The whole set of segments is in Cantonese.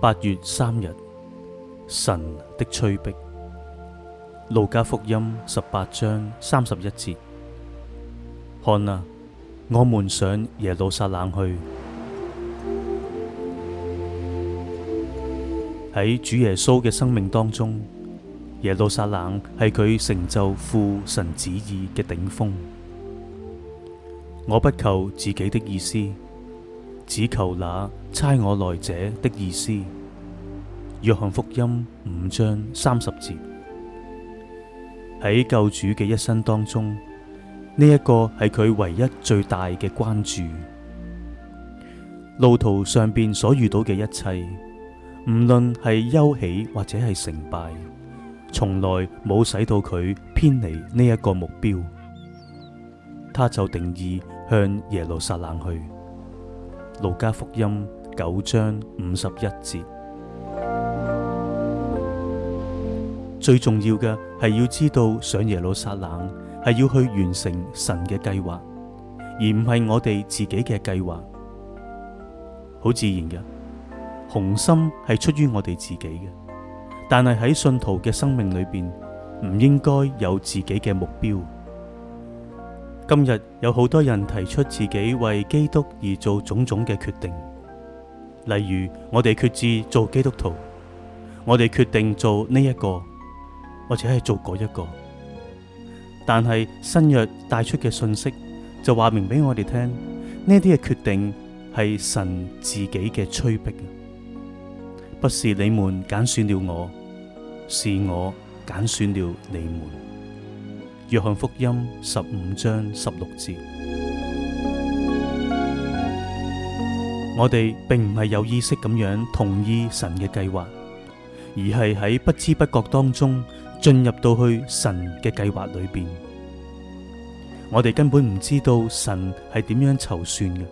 八月三日，神的催逼，路加福音十八章三十一節，看啊，我們上耶路撒冷去。喺主耶穌嘅生命當中，耶路撒冷係佢成就父神旨意嘅頂峰。我不求自己的意思。只求那差我來者的意思。約翰福音五章三十節，喺救主嘅一生當中，呢、這、一個係佢唯一最大嘅關注。路途上邊所遇到嘅一切，無論係憂喜或者係成敗，從來冇使到佢偏離呢一個目標。他就定意向耶路撒冷去。路加福音九章五十一節，最重要嘅係要知道上耶路撒冷係要去完成神嘅計劃，而唔係我哋自己嘅計劃。好自然嘅雄心係出於我哋自己嘅，但係喺信徒嘅生命裏邊，唔應該有自己嘅目標。今日有好多人提出自己為基督而做種種嘅決定，例如我哋決志做基督徒，我哋決定做呢、這、一個，或者係做嗰、那、一個。但係新約帶出嘅信息就話明俾我哋聽，呢啲嘅決定係神自己嘅催逼。不是你們揀選了我，是我揀選了你們。約翰福音十五章十六節，我哋並唔係有意識咁樣同意神嘅計劃，而係喺不知不覺當中進入到去神嘅計劃裏邊。我哋根本唔知道神係點樣籌算嘅，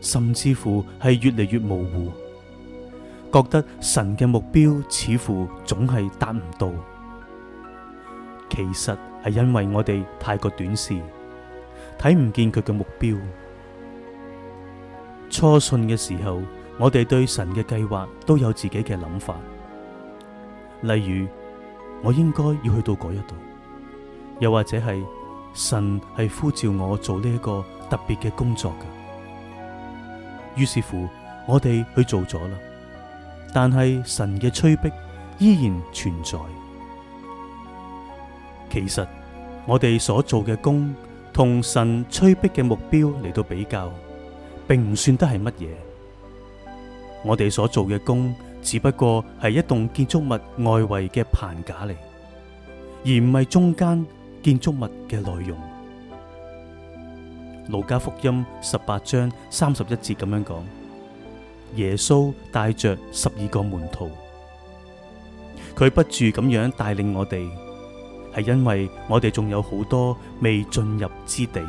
甚至乎係越嚟越模糊，覺得神嘅目標似乎總係達唔到。其實係因為我哋太過短視，睇唔見佢嘅目標。初信嘅時候，我哋對神嘅計劃都有自己嘅諗法，例如我應該要去到嗰一度，又或者係神係呼召我做呢一個特別嘅工作嘅。於是乎，我哋去做咗啦，但係神嘅催逼依然存在。其實我哋所做嘅工，同神催逼嘅目標嚟到比較，並唔算得係乜嘢。我哋所做嘅工，只不過係一棟建築物外圍嘅棚架嚟，而唔係中間建築物嘅內容。路加福音十八章三十一節咁樣講：耶穌帶着十二個門徒，佢不住咁樣帶領我哋。係因為我哋仲有好多未進入之地。